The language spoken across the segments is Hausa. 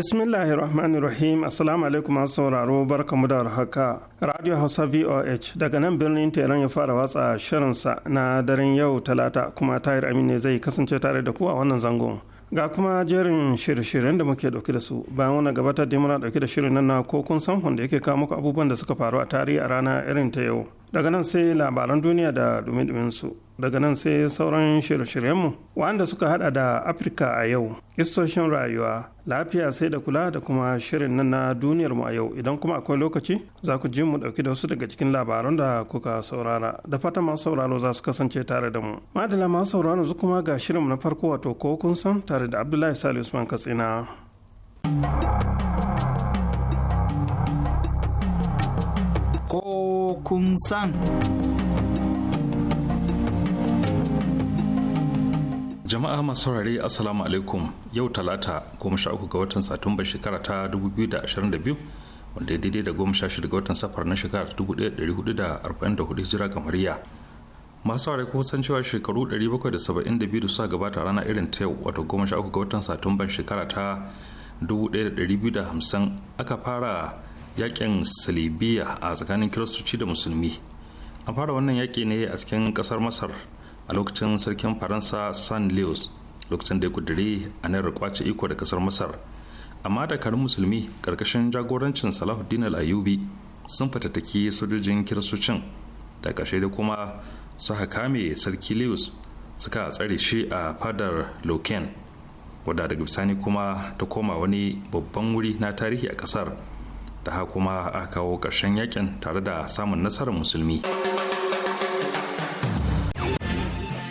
bismillahir rahmanir rahim assalamu alaikum masu sauraro mu da haka radio hausa voh daga nan birnin teran ya fara watsa shirinsa na daren yau talata kuma tahir amine zai kasance tare da ku a wannan zangon ga kuma jerin shirye-shiryen da muke dauke da su bayan wani gabatar da muna dauke da shirin nan na ko kun san wanda yake kawo muku abubuwan da suka faru a tarihi a rana irin ta yau daga nan sai labaran duniya da dumi-duminsu daga nan sai sauran shirye-shiryenmu wanda suka hada da afirka a yau isoshin rayuwa lafiya sai da kula da kuma shirin nan na duniyarmu a yau idan kuma akwai lokaci za ku ji mu dauki da wasu daga cikin labaran da kuka saurara da fata masu sauraro za su kasance tare da mu madala masu sauraro su kuma ga shirin na farko wato ko kun san tare da abdullahi salisu usman katsina ko kun san jama'a masu saurare assalamu alaikum yau talata goma sha uku ga watan satumba shekara ta 2022 wanda ya daidai da goma sha shida ga watan safar na shekara ta 1444 hijira kamariya masu saurare ko san cewa shekaru 772 da suka gabata rana irin ta yau wato goma sha uku ga watan satumban shekara ta 1250 aka fara yakin salibiya a tsakanin kiristoci da musulmi an fara wannan yaki ne a cikin kasar masar a lokacin sarkin faransa san leos lokacin da ya kudire a nan kwace iko da kasar masar amma da dakarun musulmi karkashin jagorancin salahuddin al-ayubi sun fatattaki sojojin kirsocin da ƙarshe da kuma su kame sarki leos suka tsare shi a fadar loken wadda daga bisani kuma ta koma wani babban wuri na tarihi a ƙasar da ha kuma aka kawo ƙarshen yakin tare da samun nasarar musulmi.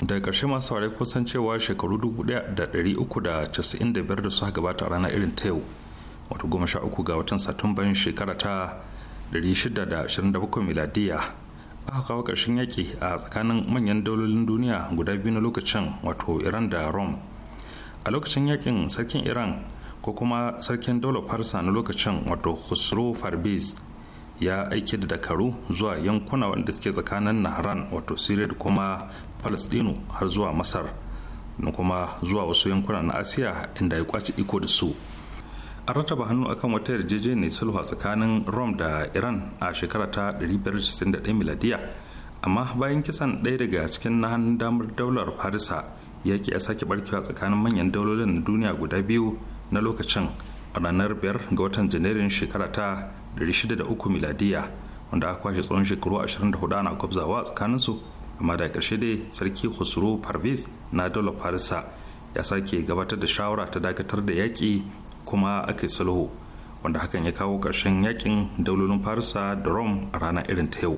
da ƙarshe masu ware kusan cewa shekaru 1395 da suka gabata a ranar irin ta yau wato uku ga watan satumban shekara ta 627 miladiya aka kawo ƙarshen yaƙi a tsakanin manyan daulolin duniya guda biyu na lokacin wato iran da rome a lokacin yakin sarkin iran ko kuma sarkin daular farsa na lokacin wato khusro farbis ya aiki da dakaru zuwa yankuna wanda suke tsakanin nahran wato syria da kuma palestino har zuwa masar da kuma zuwa wasu yankuna na asiya inda ya kwace iko da su an rataba hannu akan wata yarjejeniyar sulhu tsakanin rome da iran a shekara ta miladiya amma bayan kisan ɗaya daga cikin na hannun damar daular farisa ya ke a sake barkewa tsakanin manyan daulolin duniya guda biyu na lokacin a ranar 5 ga watan janairun shekara ta miladiya wanda aka kwashe tsawon shekaru 24 ana kwabzawa tsakaninsu amma da ƙarshe dai sarki husro parvis na daular farisa ya sake gabatar da shawara ta dakatar da yaƙi kuma aka yi sulhu wanda hakan ya kawo ƙarshen yaƙin daulolin farisa da rome a ranar irin ta yau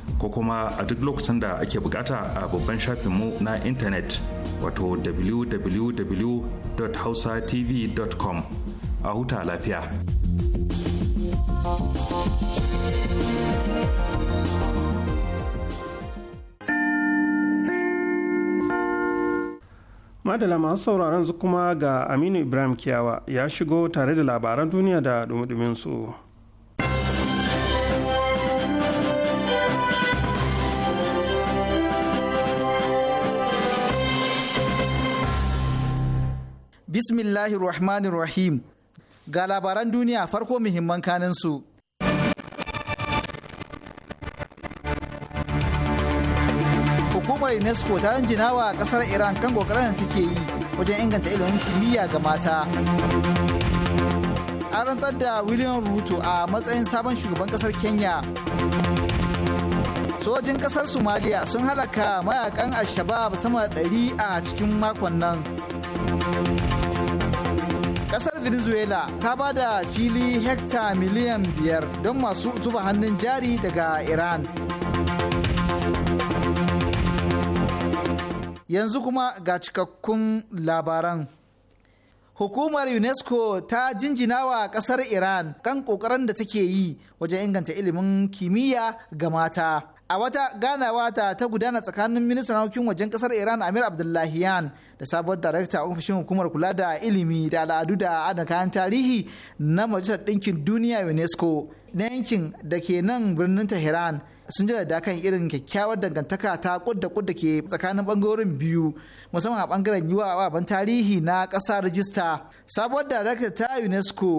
ko kuma a duk lokacin da ake bukata a babban shafinmu na intanet wato www.hausatv.com a huta lafiya. Madala masu sauraron su kuma ga Aminu Ibrahim Kiyawa ya shigo tare da labaran duniya da dumudumin su. Bismillahirrahmanirrahim. ga labaran duniya farko muhimman kanin su hukumar unesco ta jina wa ƙasar iran kan kokarin da take yi wajen inganta ilimin kimiyya ga mata an rantsar da william ruto a matsayin sabon shugaban ƙasar kenya sojin ƙasar somalia sun halaka mayakan al-shabab sama da 100 a cikin makon nan kasar venezuela ta ba da fili hekta miliyan biyar don masu zuba hannun jari daga iran yanzu kuma ga cikakkun labaran hukumar unesco ta jinjina wa kasar iran kan kokarin da take yi wajen inganta ilimin kimiyya ga mata a wata ganawa ta ta gudana tsakanin ministan harkokin wajen kasar iran amir abdullahiyan da sabuwar darakta a ofishin hukumar kula da ilimi da al'adu da adana kayan tarihi na majalisar ɗinkin duniya unesco na yankin da ke nan birnin tehran sun da kan irin kyakkyawar dangantaka ta kudda kudda ke tsakanin bangarorin biyu musamman a bangaren yiwa ababen tarihi na ƙasa rajista sabuwar darakta ta unesco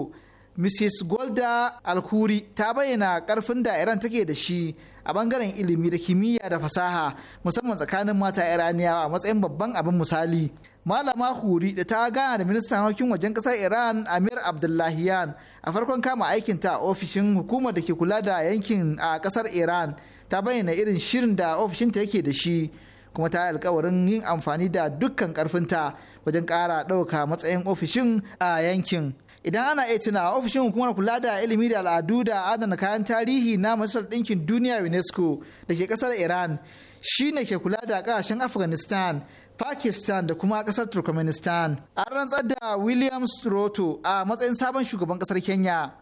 mrs golda alkuri ta bayyana karfin da iran take da shi a bangaren ilimi da kimiyya da fasaha musamman tsakanin mata iraniyawa a matsayin babban abin misali malama huri da ta gana da ministan harkokin wajen kasar iran amir abdullahiyan a farkon kama aikinta a ofishin hukumar da ke kula da yankin a kasar iran ta bayyana irin shirin da ofishinta yake da shi kuma ta alkawarin yin amfani da dukkan karfinta wajen kara ɗauka matsayin ofishin a yankin idan ana iya tuna a ofishin hukumar kula da ilimi da al'adu da adana kayan tarihi na masar ɗinkin duniya unesco da ke ƙasar iran shi ne ke kula da ƙasashen afghanistan pakistan da kuma ƙasar turkmenistan an rantsar da william stroto a matsayin sabon shugaban ƙasar kenya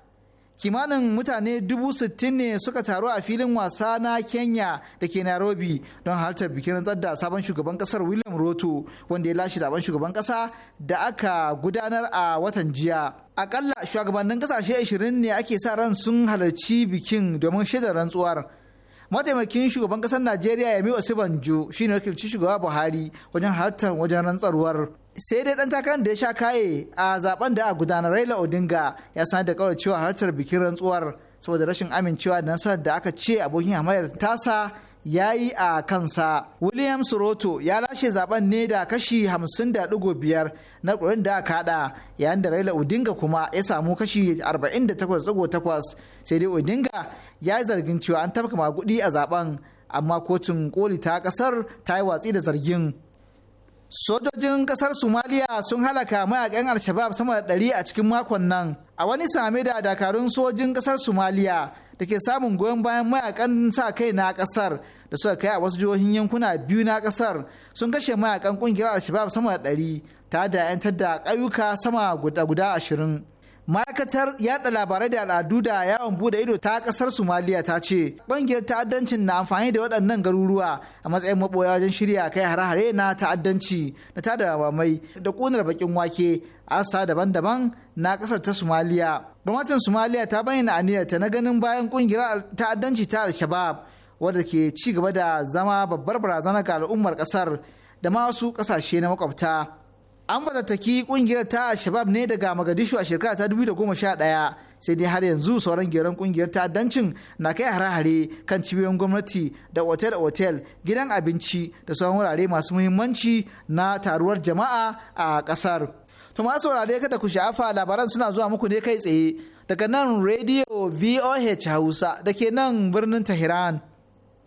kimanin mutane dubu sittin ne suka taru a filin wasa na kenya da ke nairobi don halartar bikin rantsar da sabon shugaban kasar william roto wanda ya lashe zaben shugaban kasa da aka gudanar a watan jiya akalla shugabannin kasashe 20 ne ake sa ran sun halarci bikin domin shaidar rantsuwar mataimakin shugaban kasar najeriya yami osibanjo shine wakilci shugaba buhari wajen halartar wajen rantsarwar sai dai dan takarar da ya sha kaye a zaben da a gudanar Raila Odinga ya sanar da kawai cewa halartar bikin rantsuwar saboda rashin amincewa da nasarar da aka ce abokin hamayar tasa ya yi a kansa. William Suroto ya lashe zaben ne da kashi biyar na ƙurin da aka haɗa yayin da Raila Odinga kuma ya samu kashi 48.8 sai dai Odinga ya yi zargin cewa an tafka magudi a zaben amma kotun koli ta kasar ta yi watsi da zargin. sojojin kasar somaliya sun halaka mayakan al-shabab sama da ɗari a cikin makon nan a wani same da dakarun sojin kasar somaliya da ke samun goyon bayan mayakan sa kai na kasar da suka kai a wasu jihohin yankuna biyu na kasar sun kashe mayakan kungiyar al-shabab sama da ɗari ta da 'yantar da ƙauyuka sama guda guda ashirin ma'aikatar yada labarai da al'adu da yawon bude ido ta kasar somaliya ta ce ƙungiyar ta'addancin na amfani da waɗannan garuruwa a matsayin maɓoya wajen shirya kai hare-hare na ta'addanci na tada mamai da ƙunar bakin wake sa daban-daban na ƙasar ta somaliya gwamnatin somaliya ta bayyana aniyarta na ganin bayan ƙungiyar ta'addanci ta al-shabab wadda ke ci gaba da zama babbar barazana ga al'ummar ƙasar da masu wasu ƙasashe na makwabta an fatattaki kungiyar ta shabab ne daga magadishu a shekara ta 2011 sai dai har yanzu sauran geron kungiyar ta'addancin na kai hare-hare kan cibiyoyin gwamnati da otel-otel gidan abinci da sauran wurare masu muhimmanci na taruwar jama'a a kasar. to masu saurare kada ku sha'afa labaran suna zuwa muku ne kai tsaye daga nan radio voh hausa da ke nan birnin tehran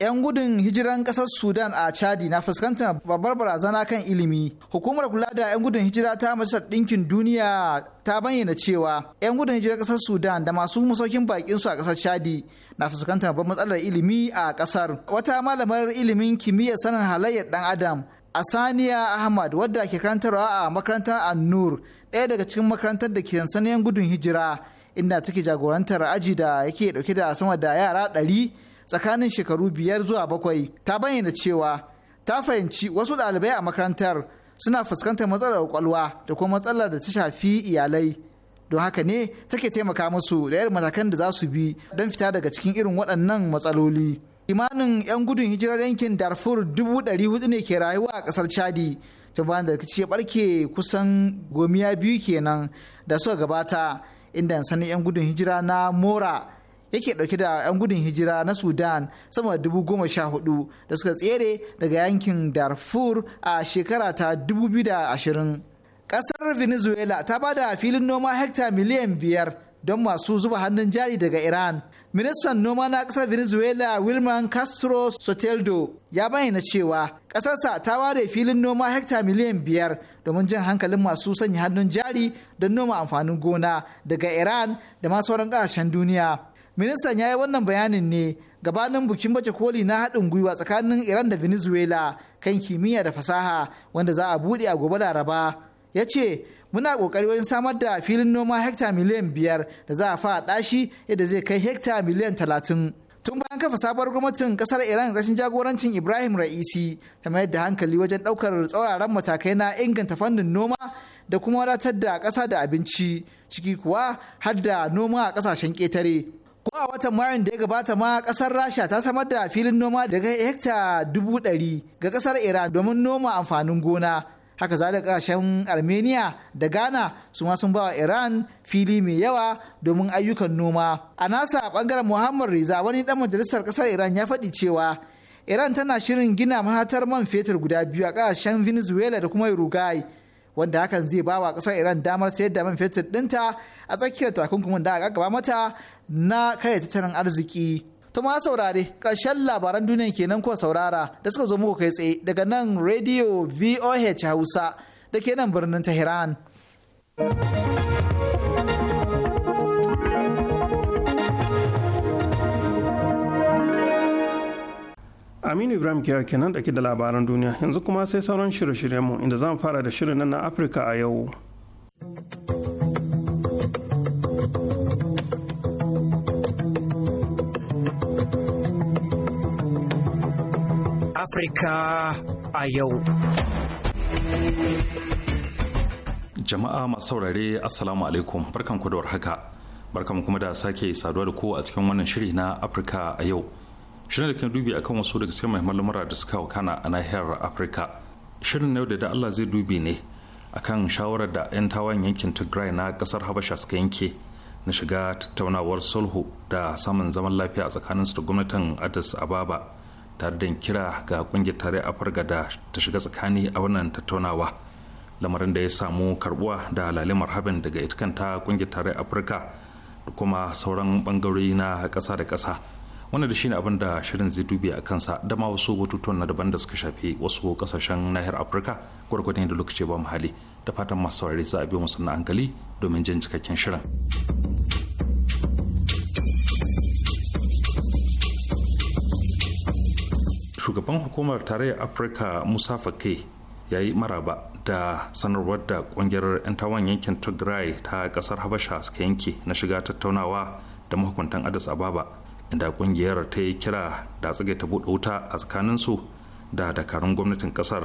'yan gudun hijiran kasar sudan a chadi na fuskantar babbar barazana kan ilimi hukumar kula da 'yan gudun hijira ta majalisar ɗinkin duniya ta bayyana cewa 'yan gudun hijirar kasar sudan da masu masaukin bakin su a kasar chadi na fuskantar babbar matsalar ilimi a kasar wata malamar ilimin kimiyyar sanin halayyar dan adam A Saniya ahmad wadda ke karantarwa a makarantar annur ɗaya daga cikin makarantar da ke sansanin gudun hijira inda take jagorantar aji da yake dauke da sama da yara ɗari tsakanin shekaru biyar zuwa bakwai ta bayyana cewa ta fahimci wasu ɗalibai a makarantar suna fuskantar matsalar kwakwalwa da kuma matsalar da ta shafi iyalai don haka ne take taimaka musu da irin matakan da za su bi don fita daga cikin irin waɗannan matsaloli imanin 'yan gudun hijirar yankin darfur dubu ɗari hudu ne ke rayuwa a ƙasar chadi ta bayan da rikici ya ɓarke kusan gomiya biyu kenan da suka gabata inda sanin 'yan gudun hijira na mora yake dauke da 'yan gudun hijira na sudan sama da dubu goma sha hudu da suka tsere daga yankin darfur a shekara ta ashirin. kasar venezuela ta ba da filin noma hekta miliyan biyar don masu zuba hannun jari daga iran ministan noma na kasar venezuela wilman castro soteldo ya bayyana cewa kasarsa ta ware filin noma hekta miliyan biyar domin jin hankalin masu sanya hannun jari don noma amfanin gona daga iran da ma sauran kasashen duniya ministan ya yi wannan bayanin ne gabanin bikin baje koli na haɗin gwiwa tsakanin iran da venezuela kan kimiyya da fasaha wanda za a buɗe a gobe laraba ya ce muna ƙoƙari wajen samar da filin noma hekta miliyan biyar da za a fa ɗashi yadda zai kai hekta miliyan talatin tun bayan kafa sabuwar gwamnatin kasar iran rashin jagorancin ibrahim ra'isi ta mayar da hankali wajen ɗaukar tsauraran matakai na inganta fannin noma da kuma wadatar da ƙasa da abinci ciki kuwa har da noma a ƙasashen ƙetare ko a watan mayun da ya gabata ma kasar rasha ta samar da filin noma daga hekta dubu ɗari ga kasar iran domin noma amfanin gona haka zalika kasashen armenia da ghana su ma sun bawa iran fili mai yawa domin ayyukan noma a nasa bangaren muhammad riza wani dan majalisar kasar iran ya faɗi cewa iran tana shirin gina mahatar man fetur guda biyu a kasashen venezuela da kuma uruguay wanda hakan zai bawa wa kasar iran damar sayar da man fetur dinta a tsakiyar takunkumin da aka gaba mata na kai tattalin arziki to ma saurare ƙarshen labaran duniya kenan ko saurara da suka zo muku kai tsaye daga nan radio voh hausa da ke nan birnin tehran Aminu Ibrahim Kiyawa kenan da ke da labaran duniya yanzu kuma sai sauran shirye-shiryenmu inda zan fara da shirin nan na Afirka a yau. Afirka a yau. Jama'a masu saurare Assalamu alaikum barkanku da warhaka. Barkanku kuma da sake saduwa da ku a cikin wannan shiri na Afirka a yau. Shirin da kan dubi akan wasu daga cikin muhimman lamura da suka wakana a nahiyar Afirka. Shirin na yau da Allah zai dubi ne akan shawarar da 'yan tawayen yankin Tigray na kasar Habasha suka yanke na shiga tattaunawar sulhu da samun zaman lafiya tsakaninsu da gwamnatin Addis Ababa. tare da kira ga kungiyar tarayyar afirka da ta shiga tsakani a wannan tattaunawa lamarin da ya samu karbuwa da lalimar habin daga ita kanta kungiyar tarayyar afirka da kuma sauran bangarori na ƙasa da kasa wannan da shine abin da shirin zai dubi a kansa da ma wasu batutuwan na daban da suka shafi wasu kasashen nahiyar afirka gwargwadon da lokaci ba muhalli da fatan masu saurari za a biyo musu na hankali domin jin cikakken shirin. shugaban hukumar tarayyar afirka musa fake ya yi maraba da sanarwar da kungiyar 'yan tawon yankin tigray ta kasar habasha suka yanke na shiga tattaunawa da mahukuntan adis ababa inda kungiyar ta yi kira da tsage ta buɗe wuta a tsakaninsu da dakarun gwamnatin kasar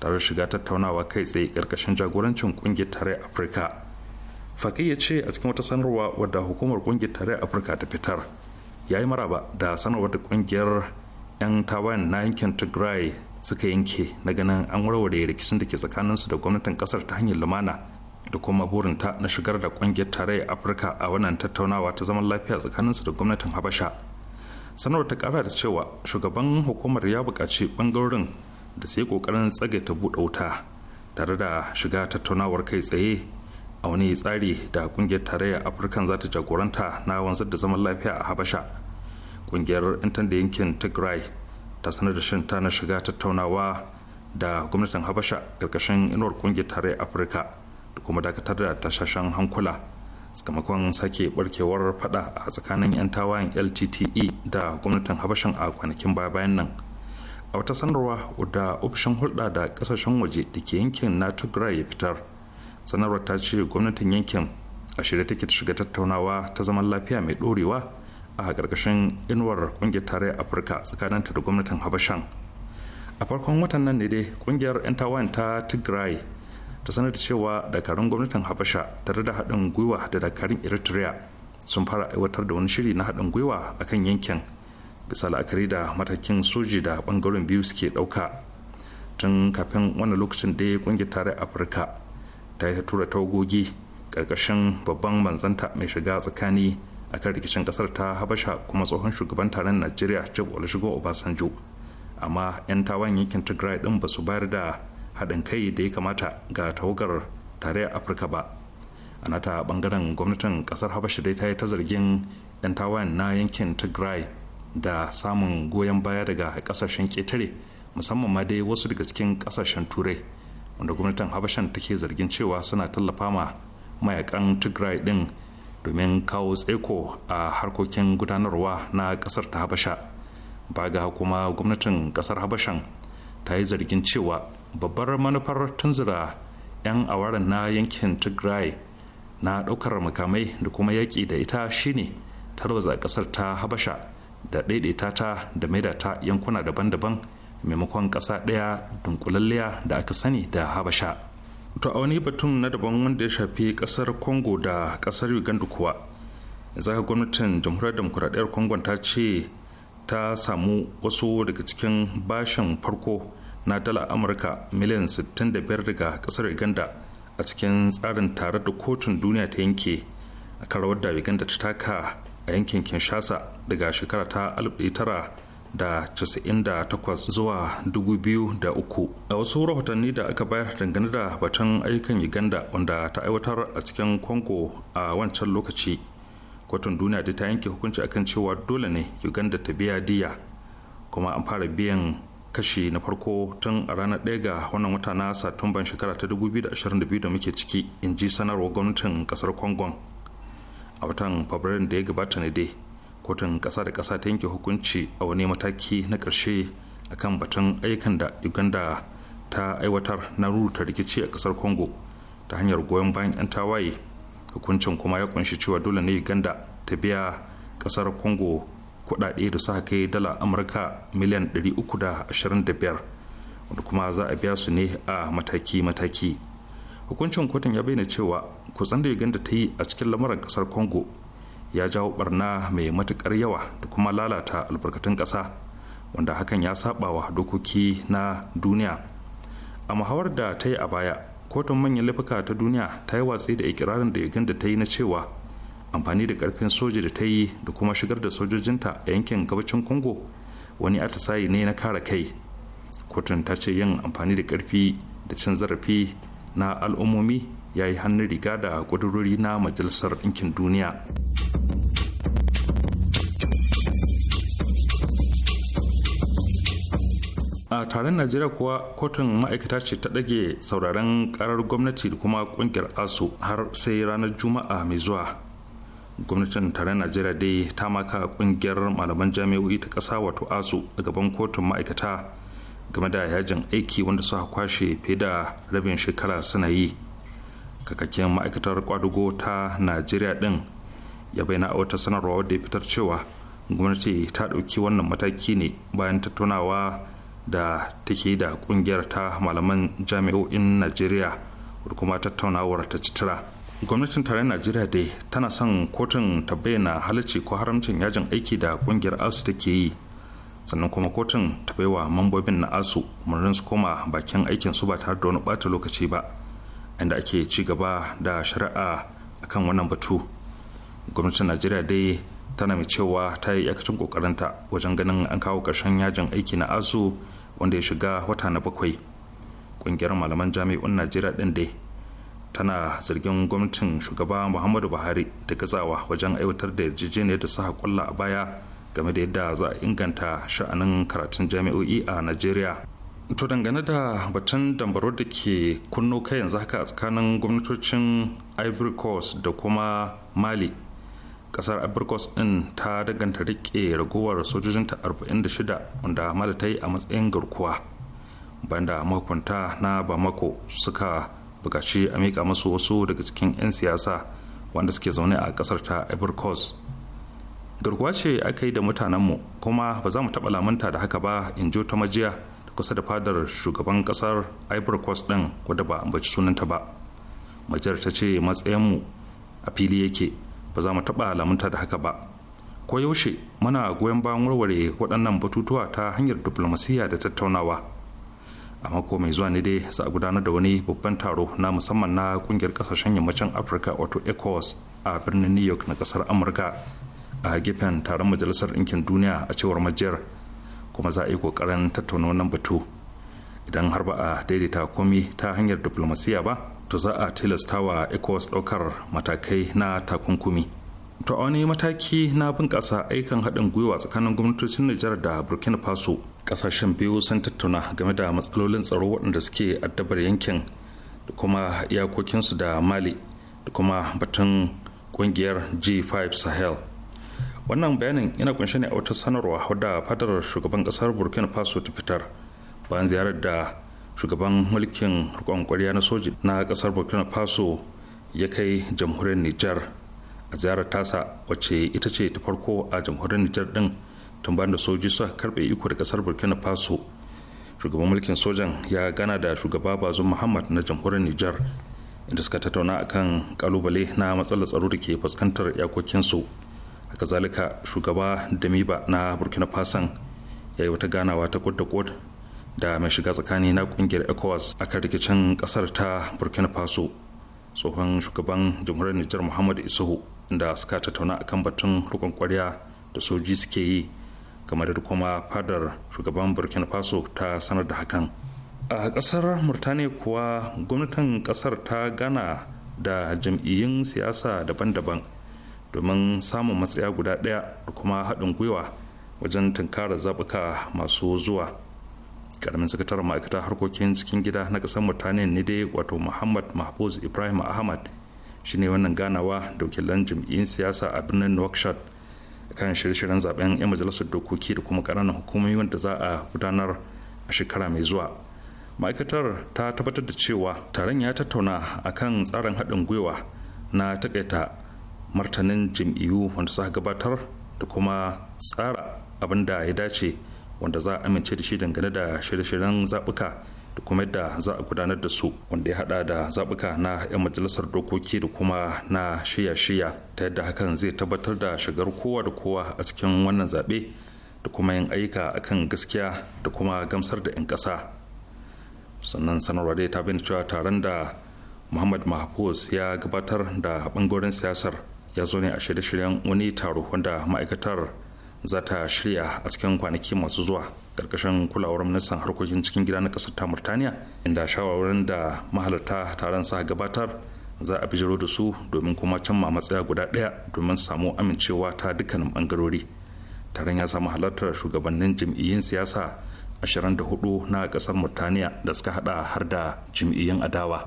tare shiga tattaunawa kai tsaye karkashin jagorancin kungiyar tarayyar afirka fake ya ce a cikin wata sanarwa wadda hukumar kungiyar tarayyar afirka ta fitar ya yi maraba da sanarwar da kungiyar 'yan tawayan na yankin tigray suka yanke na ganin an warware rikicin da ke tsakaninsu da gwamnatin kasar ta hanyar lumana da kuma burinta na shigar da kungiyar tarayyar afirka a wannan tattaunawa ta zaman lafiya tsakaninsu da gwamnatin habasha sanarwar ta kara da cewa shugaban hukumar ya buƙaci bangarorin da sai kokarin tsage ta buɗe wuta tare da shiga tattaunawar kai tsaye a wani tsari da kungiyar tarayyar afirka za ta jagoranta na wanzar da zaman lafiya a habasha kungiyar 'yan da yankin tigray ta sanar da shan ta na shiga tattaunawa da gwamnatin habasha karkashin inuwar kungiyar tare afirka da kuma dakatar da tashashen hankula sakamakon sake barkewar fada a tsakanin 'yan tawayen ltte da gwamnatin habashin a kwanakin baya bayan nan a wata sanarwa da ofishin hulɗa da kasashen waje da ke yankin na tigray ya fitar sanarwar ta ce gwamnatin yankin a shirya take ta shiga tattaunawa ta zaman lafiya mai ɗorewa a ƙarƙashin inuwar ƙungiyar tarayyar afirka tsakaninta da gwamnatin habashan a farkon watan nan ne dai ƙungiyar 'yan tawayen ta tigray ta sanar da cewa dakarun gwamnatin habasha tare da haɗin gwiwa da dakarun eritrea sun fara aiwatar da wani shiri na haɗin gwiwa a kan yankin bisa la'akari da matakin soji da ɓangaren biyu suke ɗauka tun kafin wani lokacin da ƙungiyar tarayyar afirka ta yi ta tura tawagogi ƙarƙashin babban manzanta mai shiga tsakani akan rikicin kasar ta habasha kuma tsohon shugaban taron najeriya jab olusegun obasanjo amma 'yan tawan yankin tigray din ba su bayar da haɗin kai da ya kamata ga tawagar tarayyar afirka ba a nata bangaren gwamnatin kasar habasha dai ta yi ta zargin 'yan tawan na yankin tigray da samun goyon baya daga kasashen ketare musamman ma dai wasu daga cikin kasashen turai wanda gwamnatin habashan take zargin cewa suna tallafa ma mayakan tigray din domin kawo tseko a harkokin gudanarwa na kasar ta habasha baga kuma gwamnatin kasar habashan ta yi zargin cewa babbar manufar tunzura 'yan awaran na yankin tigray na ɗaukar makamai da kuma yaƙi da ita shine tarwaza ƙasar ta habasha da ɗaiɗaita ta da maida ta yankuna daban-daban maimakon ƙasa ɗaya dunkulalliya da aka sani da habasha to a wani batun na daban wanda ya shafi kasar congo da kasar uganda kuwa ka gwamnatin jamhuriyar demokuraɗiyar congo ta ce ta samu wasu daga cikin bashin farko na dala amurka miliyan 65 daga kasar uganda a cikin tsarin tare da kotun duniya ta yanke a kan rawar da uganda ta taka a yankin kinshasa daga shekara ta 1900 da 98 zuwa uku a wasu rahotanni da aka bayar dangane da batun ayyukan uganda wanda ta aiwatar a cikin congo a wancan lokaci kotun duniya da ta yanke hukunci akan cewa dole ne uganda ta biya diya kuma an fara biyan kashi na farko tun a ranar ɗaya ga wannan wata na satumban shekara ta 2022 da muke ciki in ji sanarwar gwamnatin kasar congo a watan fabrairun da ya gabata ne dai kotun ƙasa da ƙasa ta yanke hukunci a wani mataki na ƙarshe kan batun ayyukan da uganda ta aiwatar na ruruta rikici a ƙasar congo ta hanyar goyon bayan 'yan tawaye hukuncin kuma ya kunshi cewa dole ne uganda ta biya ƙasar congo kuɗaɗe da suka kai dala amurka miliyan 325 wanda kuma za a biya su ne a mataki-mataki hukuncin kotun ya bayyana cewa kutsan da uganda ta yi a cikin lamarin ƙasar congo ya jawo barna mai matukar yawa da kuma lalata albarkatun ƙasa wanda hakan ya saba wa dokoki na duniya a muhawar da ta yi a baya kotun manyan laifuka ta duniya ta yi watsi da ikirarin da da ta yi na cewa amfani da karfin soja da ta yi da kuma shigar da sojojinta a yankin gabacin congo wani atisayi ne na kare kai kotun ta ce yin amfani da karfi da cin zarafi na al'ummomi ya yi hannun riga da ƙudurori na majalisar ɗinkin duniya a taron najeriya kuwa kotun ma'aikata ce ta ɗage sauraren karar gwamnati da kuma ƙungiyar asu har sai ranar juma'a mai zuwa gwamnatin taron najeriya dai ta maka ƙungiyar malaman jami'o'i ta ƙasa wato asu a gaban kotun ma'aikata game da yajin aiki wanda suka kwashe fiye da rabin shekara suna yi kakakken ma'aikatar kwadugo ta najeriya din ya bayyana a wata sanarwa wadda ya fitar cewa gwamnati ta ɗauki wannan mataki ne bayan tattaunawa da take da kungiyar ta malaman jami'o'in najeriya da kuma tattaunawar ta citira gwamnatin tarayyar najeriya dai tana son kotun ta bayyana halarci ko haramcin yajin aiki da kungiyar asu take yi sannan kuma kotun ta baiwa mambobin na asu murnin su koma bakin aikin su ba tare da wani bata lokaci ba inda ake ci gaba da shari'a a akan wannan batu gwamnatin najeriya dai tana mai cewa ta yi yakacin kokarinta wajen ganin an kawo ƙarshen yajin aiki na azu wanda ya shiga wata na bakwai ƙungiyar malaman jami'un najeriya ɗin dai tana zargin gwamnatin shugaba muhammadu buhari da gazawa wajen aiwatar da yarjejeniyar da suka kulla a baya game da yadda za a inganta sha'anin karatun jami'o'i a najeriya to dangane da batun dambaro da ke kunno kai yanzu haka a tsakanin gwamnatocin ivory coast da kuma mali kasar ivory coast din ta danganta rike ragowar sojojinta 46 wanda mali ta yi a matsayin garkuwa banda mahukunta na bamako suka bukaci a mika masu wasu daga cikin 'yan siyasa wanda suke zaune a kasar ta ivory coast garkuwa ce aka yi da mutanenmu kuma ba za mu taɓa lamunta da haka ba in jo ta majiya kusa da fadar shugaban kasar ivory coast din wadda ba ambaci sunanta ba majiyar ta ce matsayinmu a fili yake ba za mu taɓa lamunta da haka ba ko yaushe muna goyon bayan warware waɗannan batutuwa ta hanyar diflomasiyya da tattaunawa a mako mai zuwa ne dai za a gudanar da wani babban taro na musamman na kungiyar kasashen yammacin afirka wato ecos a birnin new york na kasar amurka a gefen taron majalisar ɗinkin duniya a cewar majiyar kuma za a yi kokarin tattauna wannan batu idan har ba a daidaita komi ta hanyar diplomasiya ba to za a tilasta wa ecowas ɗaukar matakai na takunkumi to a wani mataki na bunƙasa aikan haɗin gwiwa tsakanin gwamnatocin nijar da burkina faso ƙasashen biyu sun tattauna game da matsalolin tsaro waɗanda suke addabar yankin da kuma iyakokinsu da mali da kuma batun ƙungiyar g5 sahel wannan bayanin yana kunshe ne a wata sanarwa wadda fadar shugaban kasar burkina faso ta fitar bayan ziyarar da shugaban mulkin rikon kwarya na soji na kasar burkina faso ya kai jamhuriyar niger a ziyarar tasa wacce ita ce ta farko a jamhuriyar niger din tun bayan da soji suka karbe iko da kasar burkina faso shugaban mulkin sojan ya gana da shugaba bazum muhammad na jamhuriyar niger inda suka tattauna akan kalubale na matsalar tsaro da ke fuskantar iyakokinsu haka zalika shugaba damiba na burkina fason ya yi wata ganawa ta kod da kod da mai shiga tsakani na kungiyar ecowas akan rikicin kasar ta burkina faso tsohon shugaban jamhuriyar nijar muhammadu isuhu inda suka tattauna akan batun rukun kwarya da soji suke yi kamar da kuma fadar shugaban burkina faso ta sanar da hakan a kasar murtaniya kuwa gwamnatin kasar ta gana da jam'iyyun siyasa daban-daban domin samun matsaya guda ɗaya da kuma haɗin gwiwa wajen tunkarar zaɓuka masu zuwa karamin sakataren ma'aikatar harkokin cikin gida na ƙasar mutane ne dai wato muhammad mahfuz ibrahim ahmad shine wannan ganawa da wakilan jam'iyyun siyasa a birnin nouakchott kan shirye-shiryen zaben 'yan majalisar dokoki da kuma ƙananan hukumomi wanda za a gudanar a shekara mai zuwa ma'aikatar ta tabbatar da cewa taron ya tattauna akan tsarin haɗin gwiwa na takaita martanin jam'iyyu wanda suka gabatar da kuma tsara abin da ya dace wanda za a amince da shi dangane da shirye-shiryen zabuka da kuma yadda za a gudanar da su wanda ya hada da zaɓuka na 'yan majalisar dokoki da kuma na shirya-shirya ta yadda hakan zai tabbatar da shigar kowa da kowa a cikin wannan zaɓe da kuma yin ayyuka akan gaskiya da kuma gamsar da 'yan ƙasa sannan sanarwa dai ta bincika cewa taron da muhammad mahfuz ya gabatar da bangoren siyasar ya zo ne a shirye-shiryen wani taro wanda ma'aikatar za ta shirya a cikin kwanaki masu zuwa ƙarƙashin kulawar ministan harkokin cikin gida na ƙasar ta murtaniya inda shawarwarin da mahalarta taron sa gabatar za a bijiro da su domin kuma cimma matsaya guda ɗaya domin samu amincewa ta dukkanin bangarori taron ya samu halartar shugabannin jam'iyyun siyasa ashirin da hudu na ƙasar murtaniya da suka hada har da jam'iyyun adawa.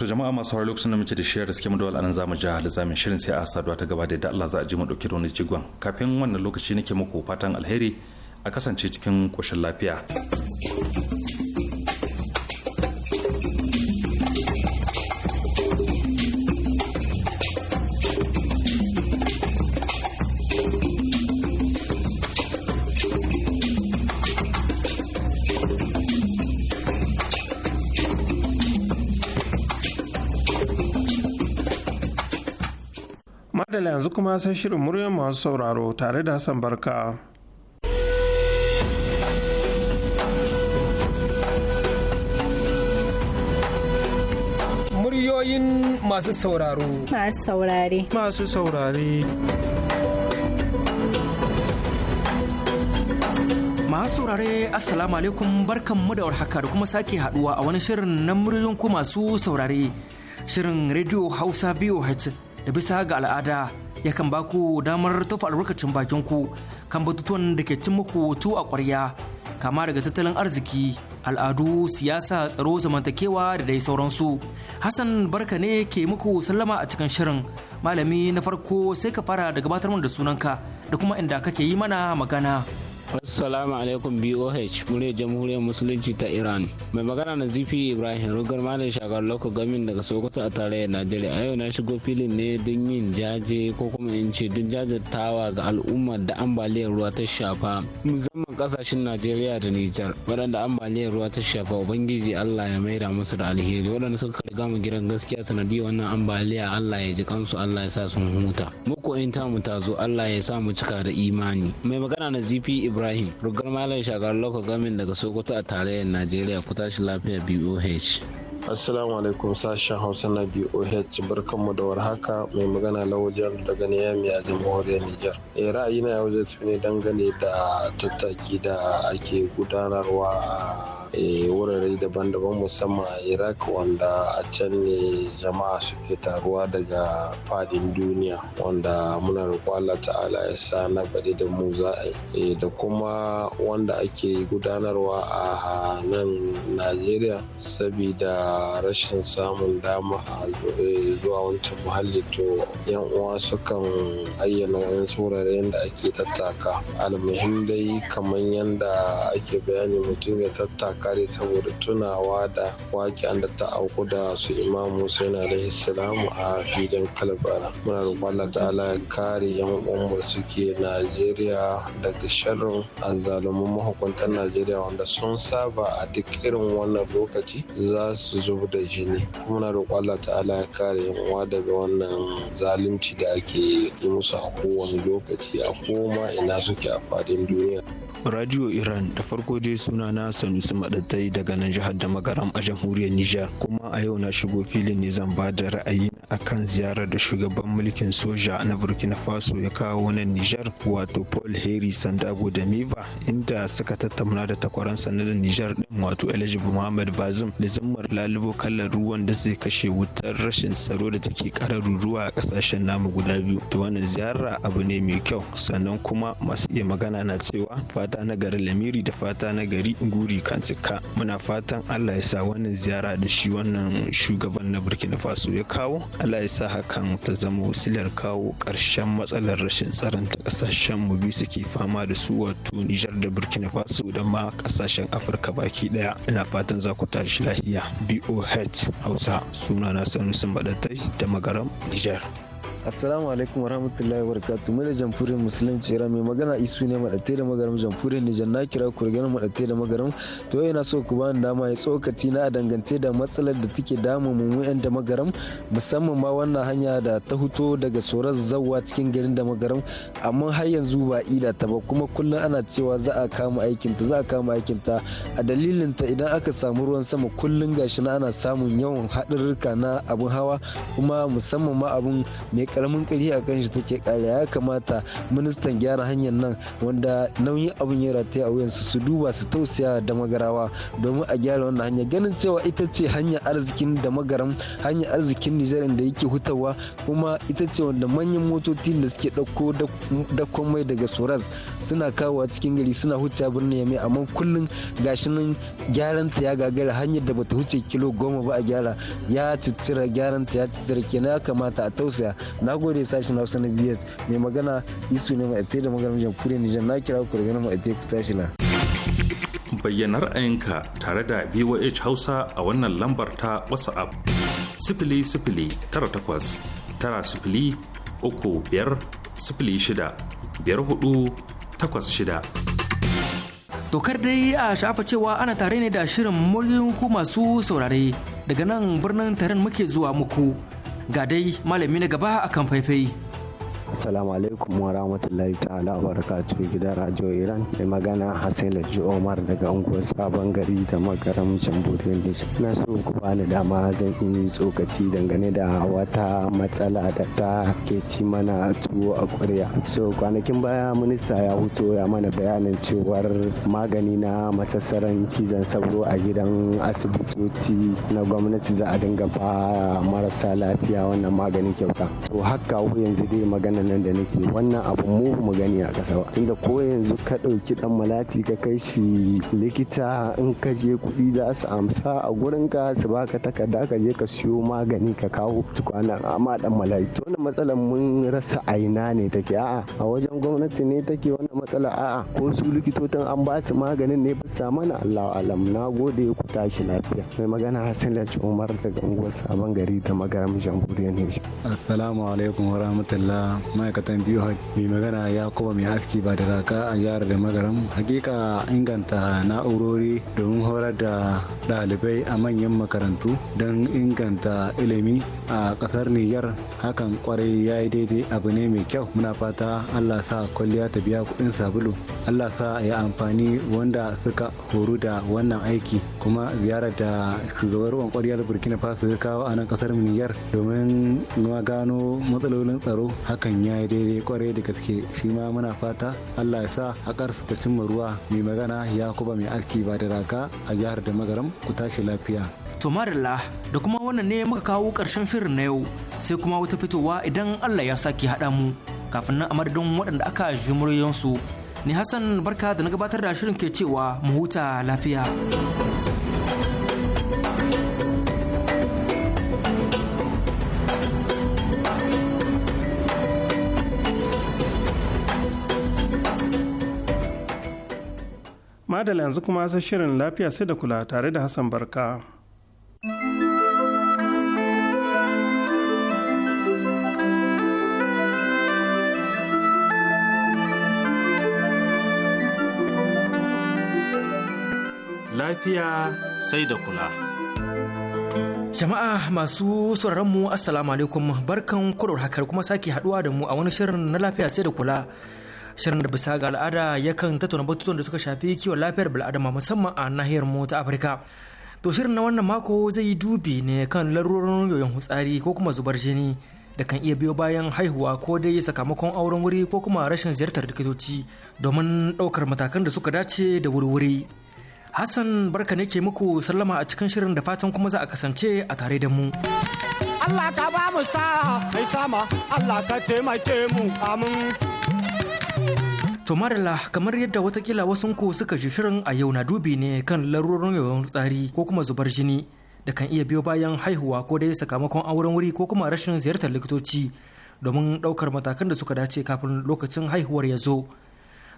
to jama'a masu sauraro lokacin da muke da shiyar suke dole anan zamu ji hali zamin shirin sai a saduwa ta gaba da yadda Allah za a ji mu dauke da wani jigon kafin wannan lokaci nake muku fatan alheri a kasance cikin koshin lafiya. madala yanzu kuma sai shirin muryar masu sauraro tare da hassan barka muryoyin masu sauraro masu saurare masu saurare masu saurare assalamu alaikum barkanmu da warhaka da kuma sake haduwa a wani shirin na muryoyin ku masu saurare shirin radio hausa voh da bisa ga al'ada yakan ba ku damar tofa albarkacin bakin ku kan batutuwan da ke cin muku tu a ƙwarya kama daga tattalin arziki al'adu siyasa tsaro zamantakewa da dai sauransu hassan barka ne ke muku sallama a cikin shirin malami na farko sai ka fara da gabatar da sunanka da kuma inda kake yi mana magana. Assalamu alaikum BOH murya jamhuriyar musulunci ta Iran. Mai magana na Zifi Ibrahim Rugar Malam Shagar Loko Gamin daga Sokoto a tarayyar Najeriya. A yau na shigo filin ne don yin jaje ko kuma in ce don jajirtawa ga al'ummar da ambaliyar ruwa ta shafa musamman kasashen Najeriya da Nijar. Waɗanda ambaliyar ruwa ta shafa Ubangiji Allah ya maida musu da alheri. Waɗanda suka riga mu gidan gaskiya sanadiyar wannan ambaliya Allah ya ji kansu Allah ya sa sun huta. Muku in tamu ta zo Allah ya sa mu cika da imani. Mai magana na Zifi Ibrahim Ibrahim rugar malam shagar local gamin daga Sokoto a tarayyar Najeriya ku tashi lafiya BOH. Assalamu alaikum sashen Hausa na BOH barkanmu da warhaka mai magana lawajen daga Niyami a jamhuriyar Nijar. Eh, ra'ayi na yau zai tafi ne dangane da tattaki da ake gudanarwa Eh, wurare daban-daban musamman a iraq wanda a can ne jama'a suke taruwa daga fadin duniya wanda muna roƙo Allah ta'ala ya sa na bari da mu za a yi eh, da kuma wanda ake gudanarwa a nan najeriya sabida rashin samun dama a eh, zuwa wancan muhalli to yan uwa sukan ayyana wayan wuraren da ake tattaka almuhim dai kamar yadda ake bayani mutum ya tattaka kare saboda tunawa da waƙen da ta auku da su imam hussein alaihi salamu a filin kalbara muna roƙon allah ta'ala ya kare yan uwan suke najeriya daga sharrin azzalumin mahukuntan najeriya wanda sun saba a duk irin wannan lokaci za su zub da jini muna roƙon allah ta'ala ya kare yan uwa daga wannan zalunci da ake yi musu a kowane lokaci a koma ina suke a faɗin duniya Radio Iran da farko dai suna na Sanusi madadai daga nan jihar da magaram a jamhuriyar Niger. kuma a yau na shigo filin ne zan ba da ra'ayi akan ziyarar da shugaban mulkin soja na Burkina Faso ya kawo nan Niger, wato Paul Heri Sandago da Miva inda suka tattauna da takwaran sanadin Niger din wato Elijah Muhammad bazim da zammar lalubo kallon ruwan da zai kashe wutar rashin tsaro da take karar ruwa a kasashen namu guda biyu. To wannan ziyara abu ne mai kyau sannan kuma masu iya magana na cewa fata na gari lamiri da fata na gari guri kan cika muna fatan allah ya sa wannan ziyara da shi wannan shugaban na burkina faso ya kawo allah ya sa hakan ta zama wasilar kawo karshen matsalar rashin tsaron ta ƙasashen mu biyu suke fama da su wato nijar da burkina faso da ma kasashen afirka baki daya ina fatan za ku tashi lahiya boh hausa suna na sanusi maɗatai da magaram nijar Assalamu alaikum warahmatullahi wabarakatuh. mai da jamfurin musulunci ra mai magana isu ne madatai da magarin jamfuri ne na kira ku rigar madatai da magarin To yana so ku bani dama ya tsokaci na dangance da matsalar da take damun mu yan da magaram musamman ma wannan hanya da ta huto daga sorar zawwa cikin garin da magaram amma har yanzu ba ida ta ba kuma kullum ana cewa za a kama aikin ta za a kama aikin ta a dalilin ta idan aka samu ruwan sama kullum gashi na ana samun yawan haɗurruka na abun hawa kuma musamman ma abun mai karamin kari a kan shi take kare ya kamata ministan gyara hanyar nan wanda nauyin abin ya rataya a wuyansu su duba su tausaya da magarawa domin a gyara wannan hanya ganin cewa ita ce hanyar arzikin da magaram hanyar arzikin nijar da yake hutawa kuma ita ce wanda manyan motoci da suke ɗauko da mai daga soras suna kawowa cikin gari suna huce birnin yame amma kullum gashi nan gyaran ta ya gagara hanyar da bata huce kilo goma ba a gyara ya ciccira gyaran ta ya ciccira kenan ya kamata a tausaya na gode sashen hausa na bs mai magana isu ne ma'aite da maganar jamhuriyar nijar na kira ku daga nan ma'aite ku tashi na bayyana ra'ayinka tare da voh hausa a wannan lambar ta whatsapp sifili sifili tara takwas tara sifili uku biyar sifili shida biyar hudu takwas shida Dokar dai a shafa cewa ana tare ne da shirin muryin ku masu saurare daga nan birnin tarin muke zuwa muku ga dai malami na gaba akan faifai. Assalamu alaikum wa rahmatullahi ta'ala wa barakatuhu gidan Radio Iran mai magana Hassan Laji Omar daga unguwar Sabon Gari da Makaram Jamhuriyar Nijar. Ina so ku bani dama zan yi tsokaci dangane da wata matsala da ta ke ci mana tuwo a ƙwarya. So kwanakin baya minista ya huto ya mana bayanin cewar magani na masassaran cizon sauro a gidan asibitoci na gwamnati za a dinga ba marasa lafiya wannan maganin kyauta. To haka yanzu dai magana wannan nan da nake wannan abu mu mu gani a ƙasa ba tunda ko yanzu ka ɗauki ɗan malati ka kai shi likita in ka je kuɗi za su amsa a gurin ka su baka takarda ka je ka siyo magani ka kawo tukwana amma ɗan malati to wannan matsalar mun rasa aina ne take a'a a wajen gwamnati ne take wannan matsala a'a ko su likitocin an ba su maganin ne bisa mana Allah alam na gode ku tashi lafiya mai magana Hassan Lachi Umar daga unguwar Sabon Gari da Magaram Jamhuriyar Nijar assalamu alaikum wa rahmatullah ma'aikatan biyu mai magana ya kuma mai aski ba da raka a jihar da magaram hakika inganta na'urori domin horar da ɗalibai a manyan makarantu don inganta ilimi a ƙasar niger hakan kwarai ya yi daidai abu ne mai kyau muna fata allah sa kwalliya ta biya kuɗin sabulu allah sa ya amfani wanda suka horu da wannan aiki kuma ziyarar da shugabar ruwan da burkina faso ya kawo a nan ƙasar niger domin gano matsalolin tsaro hakan ya yi daidai kwarai da gaske shi ma muna fata allah ya sa a sa ta cimma ruwa mai magana ya kuba mai arki ba da raka a jihar da magaram ku tashi lafiya. to marilla da kuma wannan ne muka kawo karshen shirin na yau sai kuma wata fitowa idan allah ya sake haɗa mu kafin nan a madadin waɗanda aka ji muryoyinsu ni hassan barka da na gabatar da shirin ke cewa mu huta lafiya. madala yanzu kuma sai shirin lafiya sai da kula tare da hassan barka lafiya sai da kula Jama'a masu sauraron mu Assalamu alaikum barkan kurar hakar kuma sake haduwa da mu a wani shirin na lafiya sai da kula Shirin da bisa ga al'ada yakan tattauna batutuwan da suka shafi kiwon lafiyar bil'adama musamman a nahiyar mu ta Afirka. To shirin na wannan mako zai yi dubi ne kan larurorin yoyon hutsari ko kuma zubar jini da kan iya biyo bayan haihuwa ko dai sakamakon auren wuri ko kuma rashin ziyartar likitoci domin ɗaukar matakan da suka dace da wuri-wuri. Hassan barka ne ke muku sallama a cikin shirin da fatan kuma za a kasance a tare da mu. Allah ka ba mu sa mai sama Allah ka taimake mu amin. To marala kamar yadda watakila wasunku suka ji shirin a yau na dubi ne kan larurorin yawan tsari ko kuma zubar jini da kan iya biyo bayan haihuwa ko dai sakamakon auren wuri ko kuma rashin ziyartar likitoci domin ɗaukar matakan da suka dace kafin lokacin haihuwar ya zo.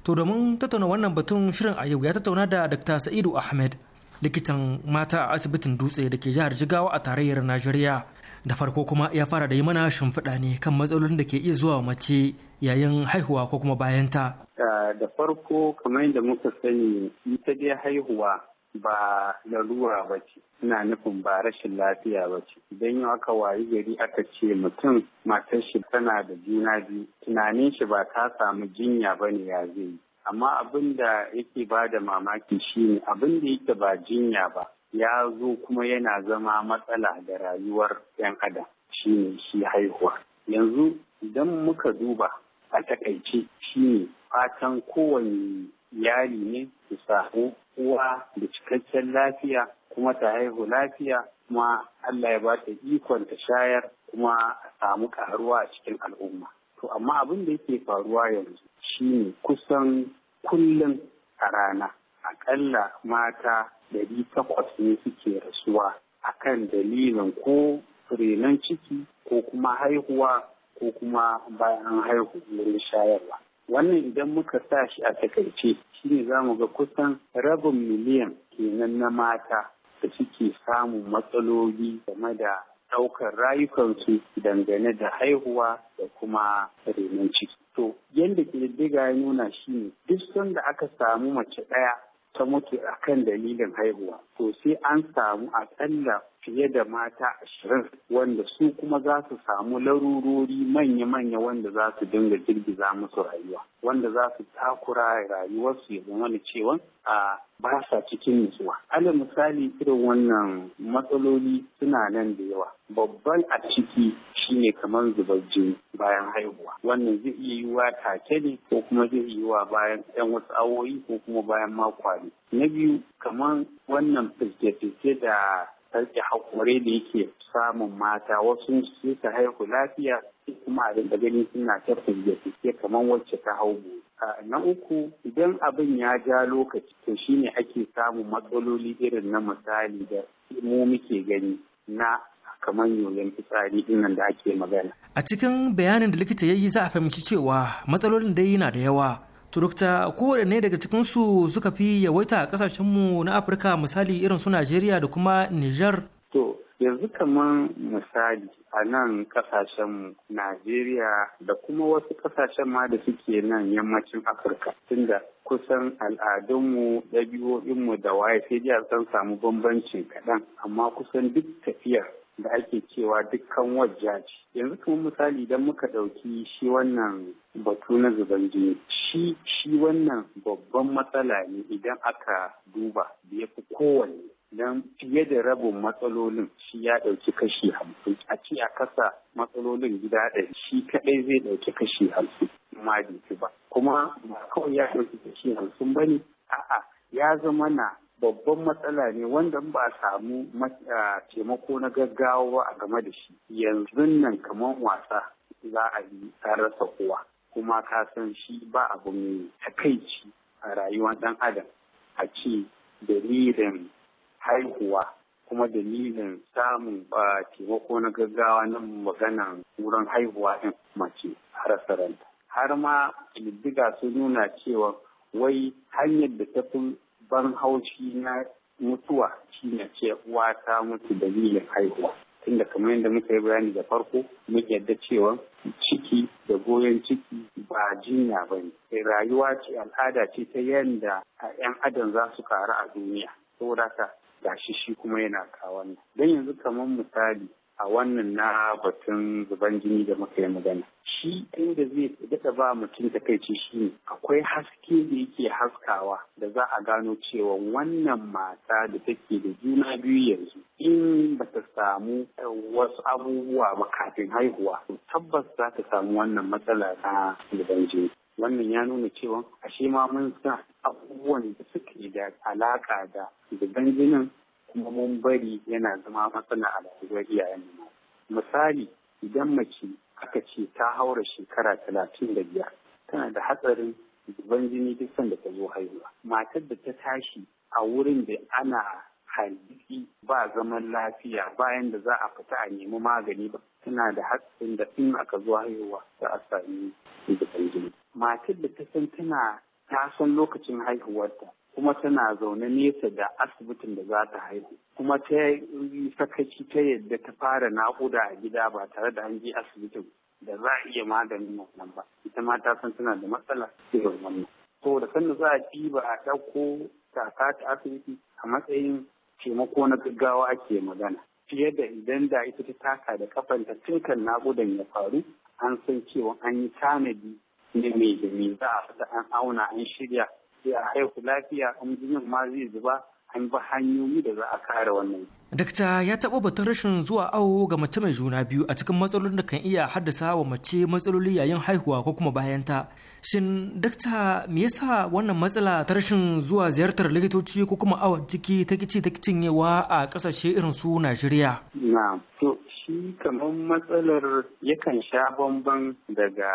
To domin tattauna wannan batun shirin a yau ya tattauna da Dr. Sa'idu Ahmed likitan mata a asibitin dutse da ke jihar Jigawa a tarayyar Najeriya. da farko kuma ya fara da yi mana shimfiɗa ne kan matsalolin da ke iya zuwa mace yayin haihuwa ko kuma bayan ta eh, da farko kamar da muka sani ita dai haihuwa ba larura ba ce ina nufin ba rashin lafiya ba ce idan yau aka wayi gari aka ce mutum matar shi tana da juna biyu tunanin shi ba ta samu jinya ba ne ya zai yi amma abin da yake ba da mamaki shi ne abin da yake ba jinya ba ya zo kuma yana zama matsala da rayuwar 'yan adam shi ne shi haihuwa yanzu idan muka duba a takaice shi ne fatan kowane yari ne su sahu. uwa da cikakken lafiya kuma ta haihu lafiya kuma Allah ya ba ta ikon ta shayar kuma a samu karuwa a cikin al'umma to amma abin da yake faruwa yanzu Shi ne kusan kullum a rana akalla mata ɗari takwas ne suke rasuwa a kan dalilin ko renon ciki ko kuma haihuwa ko kuma bayan haihu wurin shayarwa. Wannan idan muka sa shi a takaice shi ne za mu ga kusan rabin miliyan kenan na mata da suke samun matsaloli game da ɗaukar rayukansu dangane da haihuwa da kuma renon ciki. To, yadda ƙididdiga ya nuna shi ne, duk sanda aka samu mace ɗaya ta mutu kan dalilin haihuwa to sai an samu a akalla fiye da mata ashirin wanda su kuma za su samu larurori manya-manya wanda za su dinga girgiza musu rayuwa wanda za su takura rayuwarsu ya zama da cewa a ba sa cikin nutsuwa. Alal misali irin wannan matsaloli suna nan da yawa. Babban a ciki shine kamar zubar jini bayan haihuwa. Wannan zai iya yiwuwa take ne ko kuma zai iya yiwuwa bayan 'yan wasu awoyi ko kuma bayan makwari, Na biyu kamar wannan fiske-fiske da sarki haƙure da yake samun mata wasu ta haihu lafiya kuma a rinka gani suna ta firge kamar wacce ta hau na uku idan abin ya ja lokaci to shine ake samun matsaloli irin na misali da mu muke gani na kamar yoyon fitsari dinnan da ake magana a cikin bayanin da likita ya yi za a fahimci cewa matsalolin dai yana da yawa turukta kowaɗanne daga cikinsu suka fi yawaita a ƙasashenmu na afirka misali irin su najeriya da kuma niger to yanzu kamar misali a nan ƙasashenmu Najeriya da kuma wasu ƙasashen ma da suke nan yammacin Afirka tunda kusan al'adunmu ɗabi'o'inmu da waye sai dai an samu bambancin kaɗan amma kusan duk tafiyar da ake cewa dukkan wajja ce yanzu kuma misali idan muka ɗauki shi wannan batu na zuban jini shi shi wannan babban matsala ne idan aka duba da ya fi kowanne don fiye da rabin matsalolin shi ya ɗauki kashi hamsin a ce a kasa matsalolin gida ɗari shi kaɗai zai ɗauki kashi hamsin ma ba kuma ba kawai ya ɗauki kashi hamsin ba ne a'a ya zama na babban matsala ne wanda ba a samu taimako na gaggawa a game da shi yanzu nan kamar wasa za a yi rasa kowa kuma ka san shi ba abin takaici a rayuwar dan adam a ce dalilin haihuwa kuma dalilin samun taimako na gaggawa na maganan wurin haihuwa ɗin mace rasa ranta har ma diddiga sun nuna cewa wai hanyar da ta fi babban haushi na mutuwa shine ce uwa ta mutu dalilin haihuwa tunda kamar yadda muka yi bayani da farko muke yadda cewa ciki da goyon ciki ba jinya ba ne rayuwa ce al'ada ce ta yadda 'yan adam za su karu a duniya saboda ka gashi shi kuma yana kawo wannan don yanzu kamar misali a wannan na batun zuban jini da muka yi magana shi inda zai daɗa ba mutum takaici shi ne akwai haske da yake haskawa da za a gano cewa wannan mata da take da juna biyu yanzu in ba ta samu eh, wasu abubuwa ba kafin haihuwa tabbas za ta samu wannan matsala na zuban jini wannan ya nuna cewa ashe ma mun san abubuwan da suke da alaƙa da zuban jinin kuma mun bari yana zama matsala a iyayen mu Misali idan mace aka ce ta haura shekara talatin da biyar tana da hatsarin zuban jini duk sanda ta zo haihuwa. Matar da ta tashi a wurin da ana hargitsi ba zaman lafiya bayan da za a fita a nemi magani ba tana da hatsarin da in aka zo haihuwa za a sami zuban jini. Matar da ta san tana ta san lokacin haihuwarta kuma tana zaune nesa da asibitin da za ta haihu kuma ta yi sakaci ta yadda ta fara naƙuda a gida ba tare da an je asibitin da za a iya maganin wannan ba ita ma ta san tana da matsala irin wannan saboda sanda za a ba a ɗauko kaka ta asibiti a matsayin taimako na gaggawa ake magana fiye da idan da ita ta taka da kafanta tun kan naƙudan ya faru an san cewa an yi tanadi ne mai da me za a fita an auna an shirya sai haihu zai zuba an bi hanyoyi da za a kare wannan. Dakta ya taɓa batun rashin zuwa awo ga mace mai juna biyu a cikin matsalolin da kan iya haddasa wa mace matsaloli yayin haihuwa ko kuma bayan ta. Shin dakta me yasa wannan matsala ta rashin zuwa ziyartar likitoci ko kuma awon ciki ta kici ta cinyewa a ƙasashe irin su Najeriya? Na To shi kamar matsalar yakan sha bamban daga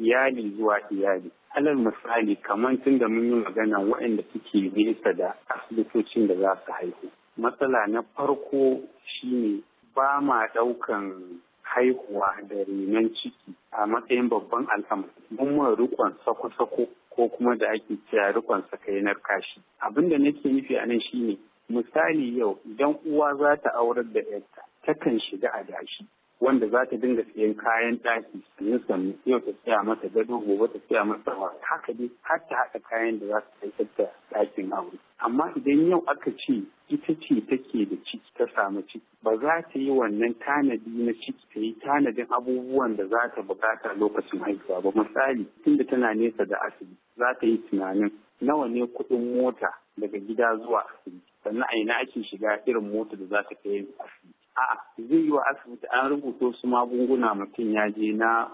iyali zuwa iyali. alal misali kamar tun da mun yi magana waɗanda suke nesa da asibitocin da za su haihu matsala na farko shine ba ma ɗaukan haihuwa da renon ciki a matsayin babban al'amari mun ma rikon sako-sako ko kuma da ake cewa rikon sakainar kashi abin da nake nufi a nan shine misali yau idan uwa za ta aurar da yarta takan shiga a dashi wanda za ta dinga siyan kayan ɗaki sannan sannan yau ta siya masa gado gobe ta siya masa haka dai har ta haɗa kayan da za ta aikata da ɗakin aure amma idan yau aka ce ita ce take da ciki ta samu ciki ba za ta yi wannan tanadi na ciki ta yi tanadin abubuwan da za ta buƙata lokacin haihuwa ba misali tunda tana nesa da asibi za ta yi tunanin nawa ne kuɗin mota daga gida zuwa asibiti sannan a ina ake shiga irin mota da za ta kai asibiti A'a zai yi wa asibiti an rubuto su magunguna mutum ya je na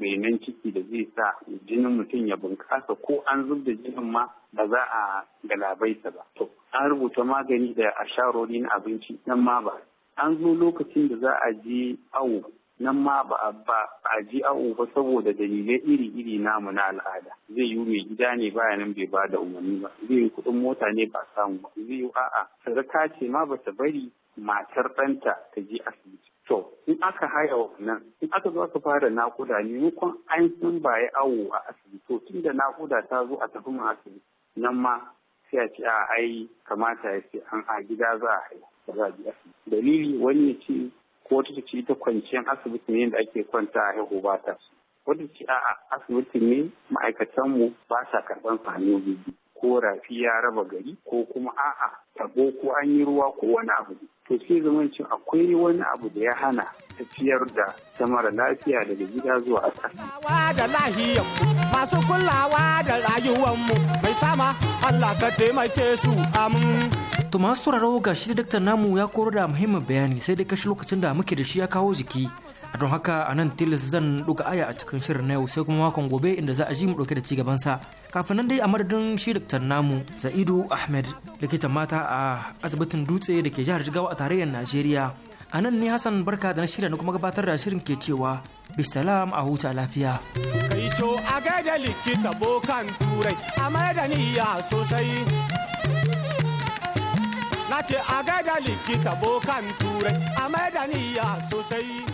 renon ciki da zai sa jinin mutum ya bunƙasa ko an zub da jinin ma ba za a galabaita ba. To an rubuta magani da a na abinci nan ma ba. An zo lokacin da za a je awo nan ma ba a ji awo ba saboda dalilai iri-iri namu na al'ada zai yi mai gida ne baya nan bai ba da umarni ba zai yi kuɗin mota ne ba samu ba zai yi a'a sadaka ce ma ba ta bari matar ɗanta ta je asibiti. To, in aka haya wannan, in aka zo aka fara naƙuda ne, nukun an sun baya awo a asibiti, to tun da naƙuda ta zo a tafi mu asibiti, nan ma sai a ce a ai kamata ya ce an a gida za a haya, ba za a je asibiti. Dalili wani ya ce ko wata ce ta kwanciyar asibiti ne da ake kwanta a haihu ba ta su. Wata ce a asibiti ne ma'aikatanmu ba sa karɓar sami ko rafi ya raba gari ko kuma a'a tabo ko an yi ruwa ko wani abu to sai zama cin akwai wani abu da ya hana tafiyar da ta lafiya daga gida zuwa asibiti. da lahiyar masu kulawa da rayuwanmu mai sama Allah ka taimake su amin. To masu sauraro ga shi da daktar namu ya koro da muhimmin bayani sai dai kashi lokacin da muke da shi ya kawo jiki a don haka a nan tilis zan duka aya a cikin shirin na yau sai kuma makon gobe inda za a ji mu dauke da ci sa kafin nan dai a madadin shi daktar namu sa'idu ahmed likitan mata a asibitin dutse da ke jihar jigawa a tarayyar najeriya a nan ne hassan barka da na shirya na kuma gabatar da shirin ke cewa bisalam a huta lafiya kai to a gaida likita bokan turai a mai sosai na ce a gaida likita bokan turai a mai da sosai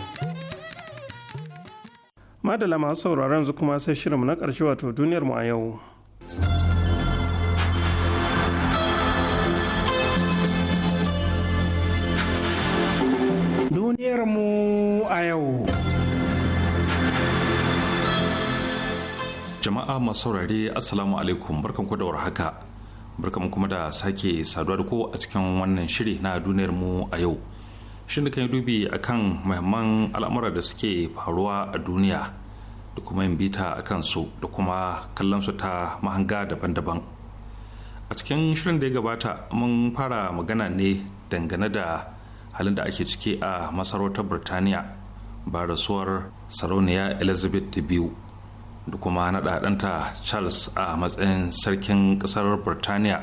madala masu sauraron yanzu kuma sai shirinmu na ƙarshe wato duniyar mu a yau duniyar mu a yau jama'a masu saurare assalamu alaikum barkan ku da warhaka barkan kuma da sake saduwa da ko a cikin wannan shiri na duniyar mu a yau shi kan yi dubi a kan mahimman al'amura da suke faruwa a duniya da kuma yin bita a kansu da kuma kallon su ta mahanga daban-daban a cikin shirin da ya gabata mun fara magana ne dangane da halin da ake ciki a masarautar birtaniya ba rasuwar sarauniya elizabeth ta biyu da kuma naɗa ɗanta charles a matsayin sarkin ƙasar birtaniya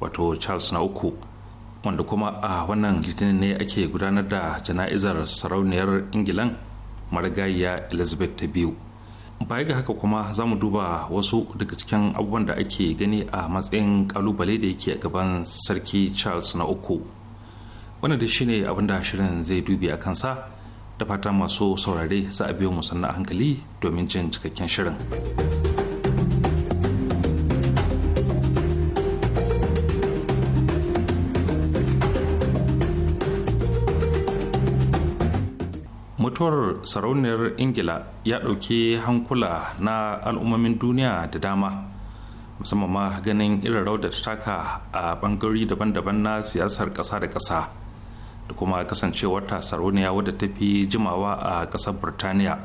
wato charles na uku wanda kuma a wannan litinin ne ake gudanar da jana'izar sarauniyar ingilan marigayiya elizabeth ta biyu baya ga haka kuma za mu duba wasu daga cikin abubuwan da ake gani a matsayin kalubale da yake gaban sarki charles na uku wanda da shine abin da shirin zai dubi a kansa da fata masu saurare za a biyo musanna hankali domin jin cikakken shirin. mutuwar sarauniyar ingila ya ɗauki hankula na al'ummomin duniya da dama musamman ma ganin irin rau da ta taka a ɓangare daban-daban na siyasar ƙasa da ƙasa da kuma kasancewar ta sarauniya wadda ta fi jimawa a ƙasar burtaniya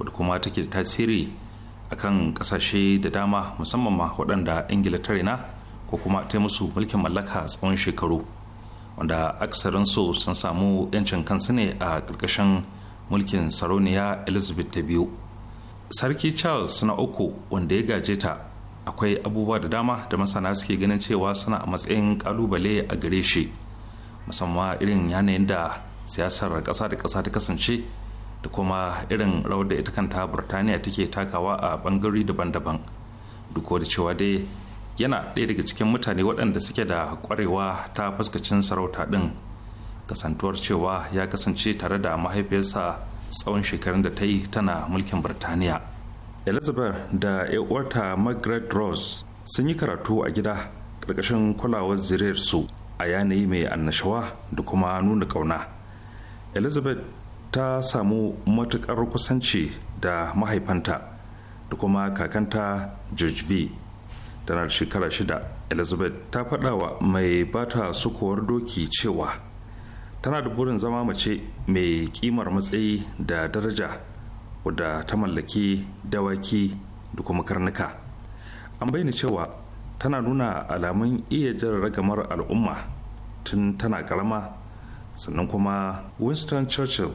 wadda kuma take da tasiri a kan ƙasashe da dama musamman ma waɗanda ingila ta rena ko kuma ta musu mulkin mallaka tsawon shekaru wanda aksarinsu sun samu 'yancin kansu ne a ƙarƙashin mulkin sarauniya elizabeth ta biyu sarki charles na uku wanda ya gaje ta akwai abubuwa da dama da masana suke ganin cewa suna a matsayin kalubale a gare shi musamman irin yanayin da siyasar ƙasa da ƙasa ta kasance da kuma irin rawar da ita kanta burtaniya take takawa a bangare daban-daban duk da cewa dai yana ɗaya daga cikin mutane waɗanda suke da ƙwarewa ta fuskacin sarauta ɗin kasantuwar cewa ya kasance tare da mahaifiyarsa tsawon shekarun da ta yi tana mulkin birtaniya elizabeth da uwarta margaret rose sun yi karatu a gida ƙarƙashin kulawar su a yanayi mai annashawa da kuma nuna ƙauna elizabeth ta samu matuƙar kusanci da mahaifanta da kuma kakanta george v tana shekara shida elizabeth ta faɗa wa mai bata sukuwar doki cewa tana da burin zama mace mai kimar matsayi da daraja wadda ta mallaki dawaki da kuma karnuka an bayyana cewa tana nuna alamun iya jin ragamar al'umma tun tana karama sannan kuma winston churchill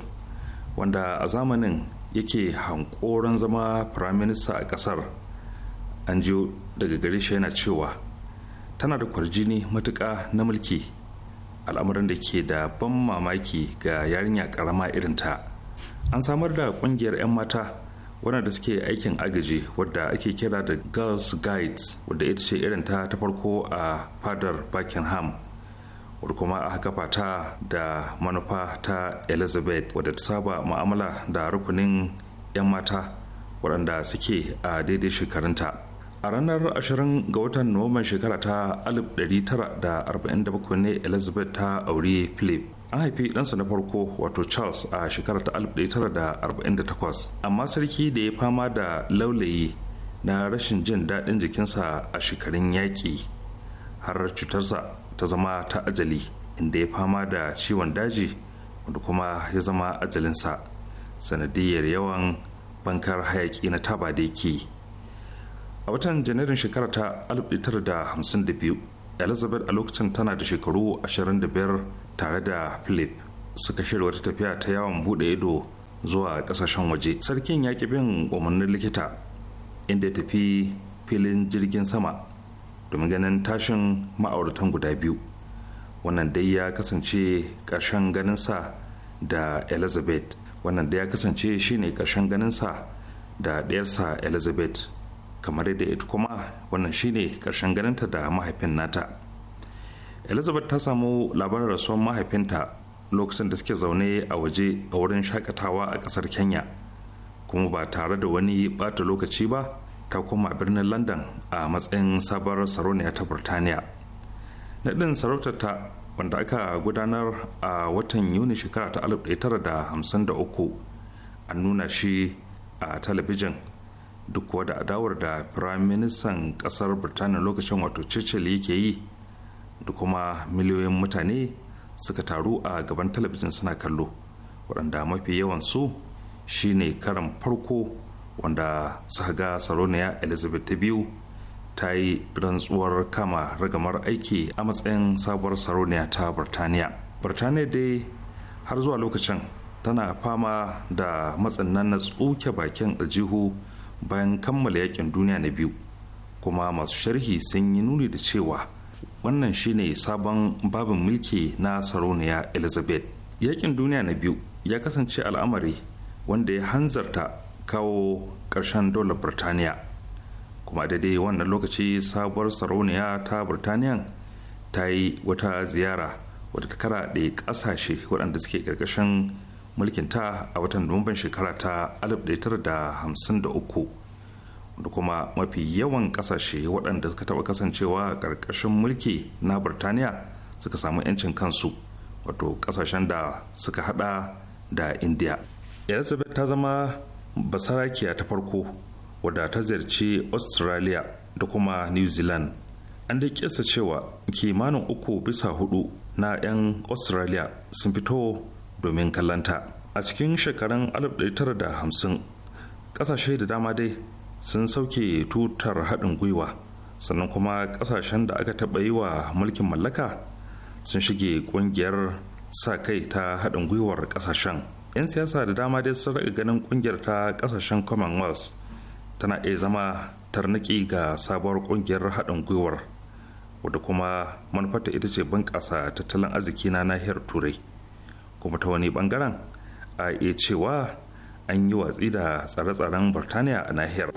wanda a zamanin yake hankoron zama firaminista a kasar an jiyo daga gare shi yana cewa tana da kwarjini matuƙa na mulki al'amuran da ke da ban mamaki ga yarinya karama irinta an samar da kungiyar 'yan mata waɗanda suke aikin agaji wadda ake kira da girls guides wadda ita ce irin ta ta farko a fadar buckingham wadda kuma a haka ta da manufa ta elizabeth wadda ta saba mu'amala da rukunin 'yan mata waɗanda suke a daidai shekarunta a ranar 20 ga watan nuwamban shekara ta 1947 ne elizabeth ta auri philip an haifi ɗansa na farko wato charles a shekara ta 1948 amma sarki da ya fama da laulayi na rashin jin daɗin jikinsa a shekarun yaƙi har cutarsa ta zama ta ajali inda ya fama da ciwon daji wanda kuma ya zama ajalinsa sanadiyar yawan bankar hayaƙi na taba da yake a watan janairun shekara ta 1952 elizabeth a lokacin tana da shekaru 25 tare da philip suka shirya wata tafiya ta yawon bude ido zuwa kasashen waje sarkin ya bin umarnin likita inda ya tafi filin jirgin sama domin ganin tashin ma'auratan guda biyu wannan dai ya kasance ƙarshen ganinsa da elizabeth wannan da ya kasance shine ƙarshen ganinsa da ɗayarsa elizabeth kamar yadda ita kuma wannan shine karshen ganinta da mahaifin nata elizabeth ta samu labarin rasuwar mahaifinta lokacin da suke zaune a waje a wurin shakatawa a kasar kenya kuma ba tare da wani bata lokaci ba ta koma birnin london a matsayin sabar sarauniya ta burtaniya naɗin sarautarta wanda aka gudanar a watan yuni shekara ta 1953 an nuna shi a talabijin duk wadda adawar da prime ministan kasar birtaniya lokacin wato churchill yake yi da kuma miliyoyin mutane suka taru a gaban talabijin suna kallo waɗanda mafi yawan su shine karan farko wanda suka ga sarauniya elizabeth ta biyu ta yi rantsuwar kama ragamar aiki a matsayin sabuwar sarauniya ta birtaniya birtaniya dai har zuwa lokacin tana fama da matsin na tsuke bakin aljihu bayan kammala yakin duniya na biyu kuma masu sharhi sun yi nuni da cewa wannan shine sabon babin mulki na sarauniya elizabeth yakin duniya na biyu ya kasance al'amari wanda ya hanzarta kawo ƙarshen dole birtaniya kuma daidai wannan lokaci sabuwar sarauniya ta birtaniya ta yi wata ziyara wadda ta karaɗe ƙasashe waɗanda suke ƙarƙashin mulkin ta a watan nuwamban shekara ta 1953 da kuma mafi yawan kasashe waɗanda suka taɓa kasancewa ƙarƙashin mulki na birtaniya suka samu 'yancin kansu wato ƙasashen da suka haɗa da india elizabeth ta zama basarakiya ta farko wadda ta ziyarci australia da kuma new zealand an dai kesa cewa kimanin uku bisa hudu na 'yan australia sun fito domin kallanta a cikin shekarun 1950 kasashe da dama dai sun sauke tutar haɗin gwiwa sannan kuma kasashen da aka taɓa yi wa mulkin mallaka sun shige ƙungiyar sa kai ta haɗin gwiwar ƙasashen. 'yan siyasa da dama dai sun raga ganin ƙungiyar ta kasashen commonwealth tana iya zama tarniki ga sabuwar ƙungiyar haɗin gwiwar wadda kuma manufarta ita ce bunƙasa tattalin arziki na nahiyar turai kuma ta wani bangaren a iya cewa an yi watsi da tsare-tsaren burtaniya a nahiyar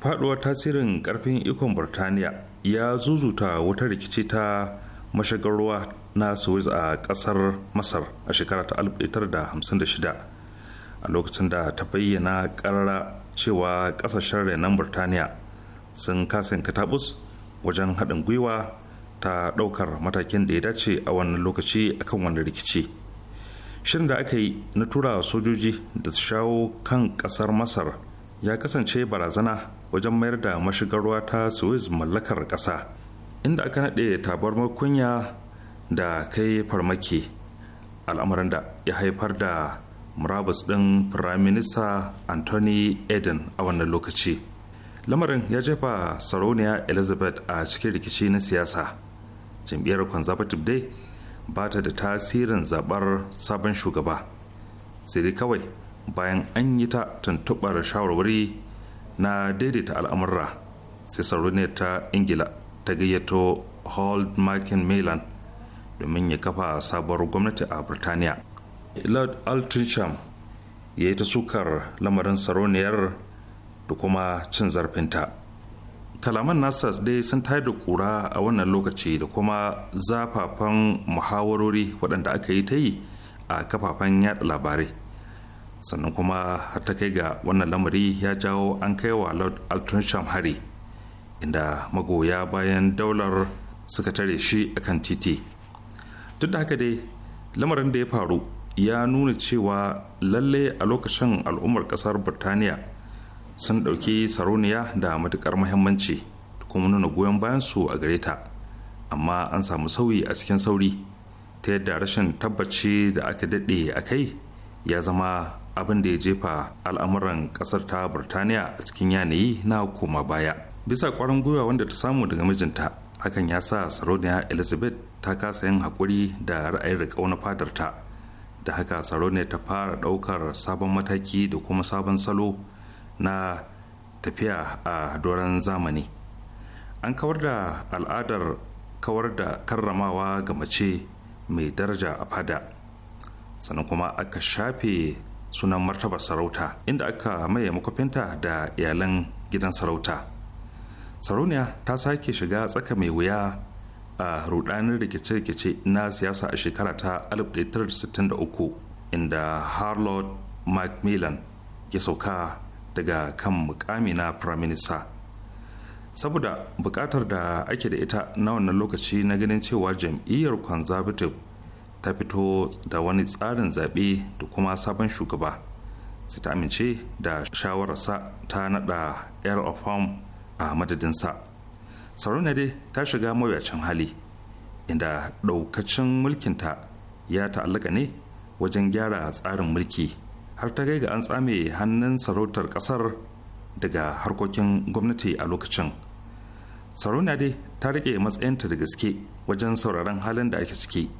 faduwar tasirin karfin ikon burtaniya ya zuzuta wata rikici ta mashagarwa na suez a kasar masar a shekara ta 1956 a lokacin da ta bayyana karara cewa kasashen renon burtaniya sun kasan katabus wajen haɗin gwiwa ta ɗaukar matakin da ya dace a wannan lokaci akan wani rikici shirin da aka yi na tura sojoji da su shawo kan ƙasar masar ya kasance barazana wajen mayar da mashigar ruwa ta suez mallakar ƙasa inda aka naɗe tabar makunya da kai farmaki al'amarin da ya haifar da murabus ɗin firaminista anthony eden a wannan lokaci lamarin ya jefa sarauniya elizabeth a cikin rikici na siyasa jam'iyyar conservative day ba ta da tasirin zabar sabon shugaba sai dai kawai bayan an yi ta tuntuɓar shawarwari na daidaita al'amurra sai sarauniyar ta ingila ta gayyato hold makin milan domin ya kafa sabuwar gwamnati a Burtaniya. lord altricham ya yi ta sukar lamarin saroniyar da kuma cin zarfinta kalaman nasa dai sun tayar da kura a wannan lokaci da kuma zafafan muhawarori waɗanda aka yi ta yi a kafafen yaɗa labarai sannan kuma har ta kai ga wannan lamari ya jawo an kai wa lord altricham hari inda magoya bayan daular suka tare shi akan titi duk da haka dai lamarin da ya faru ya nuna cewa lalle a lokacin al'ummar kasar Birtaniya sun ɗauki saroniya da matuƙar muhimmanci kuma nuna goyon bayansu a gare ta amma an samu sauyi a cikin sauri ta yadda rashin tabbaci da aka daɗe a kai ya zama abin da ya jefa al'amuran ƙasar ta burtaniya a cikin yanayi na koma baya bisa ƙwarin gwiwa wanda ta samu daga mijinta hakan ya sa sarauniya elizabeth ta kasa yin haƙuri da ra'ayin riƙau na fadarta da haka ne ta fara ɗaukar sabon mataki da kuma sabon salo na tafiya a doron zamani an kawar da al'adar kawar da karramawa ga mace mai daraja a fada sannan kuma aka shafe sunan martabar sarauta inda aka maye makwafinta da iyalan gidan sarauta sarauniya ta sake shiga tsaka mai wuya a rudanin rikice-rikice na siyasa a shekara ta 1963 inda harlot macmillan ya sauka daga kan mukami na firaminista saboda bukatar da ake da ita na wannan lokaci na ganin cewa jam'iyyar conservative ta fito da wani tsarin zaɓe da kuma sabon shugaba sai ta amince da shawararsa ta nada air of home a madadinsa sarauniya dai ta shiga mawuyacin hali inda ɗaukacin mulkinta ya ta'allaka ne wajen gyara tsarin mulki har ta kai ga an tsame hannun sarautar ƙasar daga harkokin gwamnati a lokacin sarauniya dai ta rike matsayinta da gaske wajen sauraron halin da ake ciki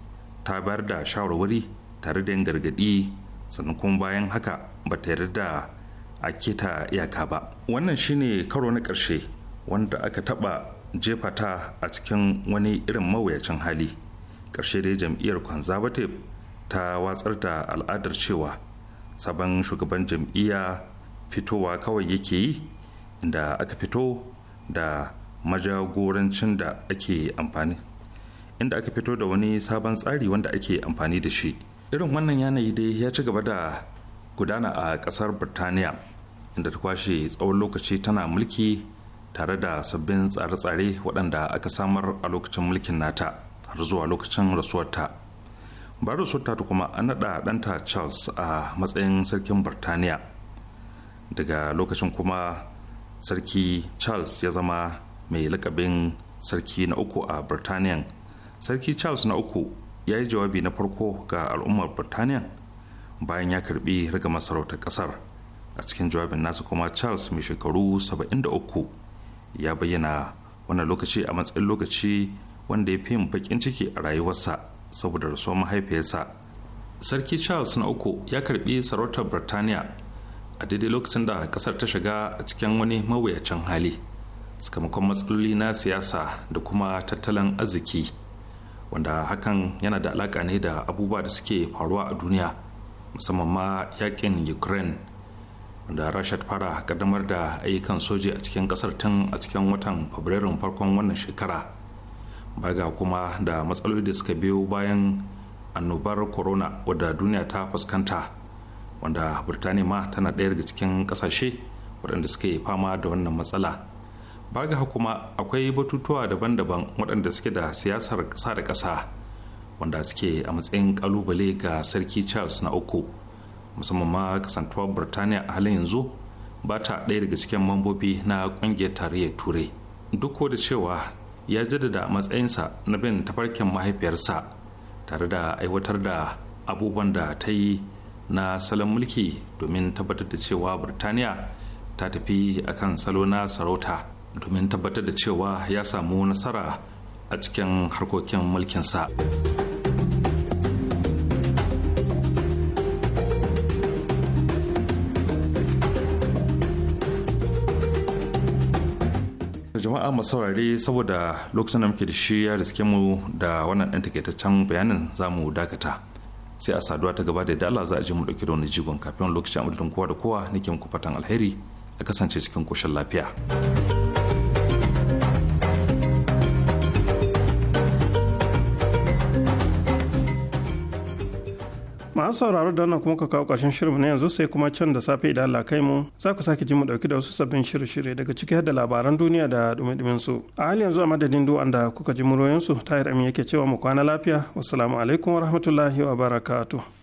ta bayar da shawarwari tare da yin gargaɗi sannan kuma bayan haka ba ta yarda da a keta iyaka ba wannan shine karo na ƙarshe wanda aka taɓa jefa ta a cikin wani irin mawuyacin hali ƙarshe dai jam'iyyar conservative ta watsar da al'adar cewa sabon shugaban jam'iyya fitowa kawai yake yi inda aka fito da majagorancin da ake amfani inda aka fito da wani sabon tsari wanda ake amfani da shi irin wannan yanayi dai ya ci gaba da gudana a ƙasar birtaniya inda ta kwashe tsawon lokaci tana mulki tare da sabbin tsare-tsare waɗanda aka samar a lokacin mulkin nata har zuwa lokacin rasuwarta ba rasuwarta ta kuma an naɗa ɗanta charles a matsayin sarkin birtaniya daga lokacin kuma sarki charles ya zama mai lakabin sarki na uku a birtaniya sarki charles na uku ya yi jawabi na farko ga al'ummar birtaniya bayan ya karbi riga masarautar kasar a cikin jawabin nasa kuma charles mai shekaru 73 ya bayyana wannan lokaci a matsayin lokaci wanda ya fi yin bakin ciki a rayuwarsa saboda rasuwar mahaifiyarsa sarki charles na uku ya karbi sarautar birtaniya a daidai lokacin da kasar ta shiga a cikin wani mawuyacin hali sakamakon matsaloli na siyasa da kuma tattalin arziki wanda hakan yana da alaƙa ne da abubuwa da suke faruwa a duniya musamman ma yakin ukraine wanda rashad fara kaddamar da ayyukan soji a cikin kasar tun a cikin watan fabrairun farkon wannan shekara baga kuma da matsaloli da suka biyo bayan annobar corona wadda duniya ta fuskanta wanda birtaniya ma tana ɗaya daga cikin ƙasashe waɗanda yi fama da wannan matsala baga kuma akwai batutuwa daban-daban waɗanda suke da siyasar ƙasa da ƙasa wanda suke a matsayin kalubale ga sarki charles na uku musamman ma kasantuwar Birtaniya a halin yanzu ba ta ɗaya daga cikin mambobi na ƙungiyar tarayyar turai duk da cewa ya jaddada matsayinsa na bin tafarkin mahaifiyarsa tare da aiwatar da abubuwan da ta yi na salon mulki domin tabbatar da cewa Birtaniya ta tafi akan salo na sarauta domin tabbatar da cewa ya samu nasara a cikin harkokin mulkinsa. sa jama'a masu saurare saboda lokacin da muke da shi ya riske mu da wannan ɗan takaitaccen bayanin za mu dakata sai a saduwa ta gaba da dala za a je mu ɗauki da wani jigon kafin lokacin amurdin kowa da kowa nake muku fatan alheri a kasance cikin koshin lafiya. sauraro da nan kuma ka kawo ƙarshen shirinmu na yanzu sai kuma can da safe idan Allah kai mu za ku sake ji mu dauki da wasu sabbin shirye-shirye daga ciki har da labaran duniya da dumi-dumin su. A hali yanzu a madadin duk da kuka ji muroyin su Tahir Amin yake cewa mu kwana lafiya. Wassalamu alaikum wa rahmatullahi wa barakatuh.